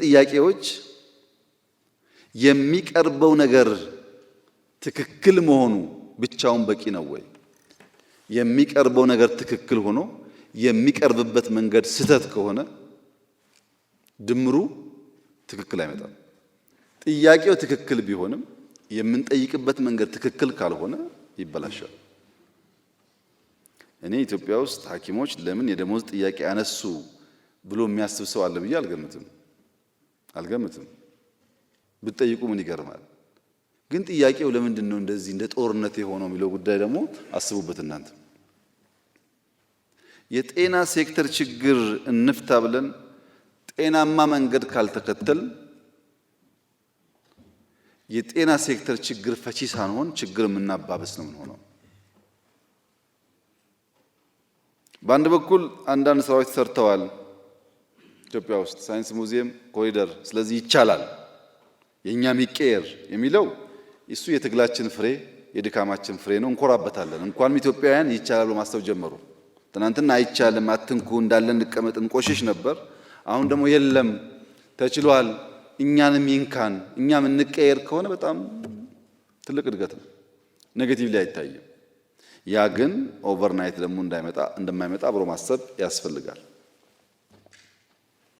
ጥያቄዎች የሚቀርበው ነገር ትክክል መሆኑ ብቻውን በቂ ነው ወይ? የሚቀርበው ነገር ትክክል ሆኖ የሚቀርብበት መንገድ ስህተት ከሆነ ድምሩ ትክክል አይመጣም። ጥያቄው ትክክል ቢሆንም የምንጠይቅበት መንገድ ትክክል ካልሆነ ይበላሻል። እኔ ኢትዮጵያ ውስጥ ሐኪሞች ለምን የደሞዝ ጥያቄ አነሱ ብሎ የሚያስብ ሰው አለ ብዬ አልገምትም። አልገምትም። ብትጠይቁ ምን ይገርማል። ግን ጥያቄው ለምንድን ነው እንደዚህ እንደ ጦርነት የሆነው የሚለው ጉዳይ ደግሞ አስቡበት እናንተ። የጤና ሴክተር ችግር እንፍታ ብለን ጤናማ መንገድ ካልተከተል የጤና ሴክተር ችግር ፈቺ ሳንሆን ችግር የምናባበስ ነው የምንሆነው። በአንድ በኩል አንዳንድ ስራዎች ተሰርተዋል። ኢትዮጵያ ውስጥ ሳይንስ ሙዚየም ኮሪደር። ስለዚህ ይቻላል፣ የእኛም ይቀየር የሚለው እሱ የትግላችን ፍሬ የድካማችን ፍሬ ነው። እንኮራበታለን። እንኳንም ኢትዮጵያውያን ይቻላል ብሎ ማሰብ ጀመሩ። ትናንትና አይቻልም፣ አትንኩ፣ እንዳለን እንቀመጥ፣ እንቆሽሽ ነበር። አሁን ደግሞ የለም ተችሏል፣ እኛንም ይንካን፣ እኛም እንቀየር ከሆነ በጣም ትልቅ እድገት ነው። ኔጌቲቭ ላይ አይታይም። ያ ግን ኦቨርናይት ደግሞ እንዳይመጣ እንደማይመጣ አብሮ ማሰብ ያስፈልጋል።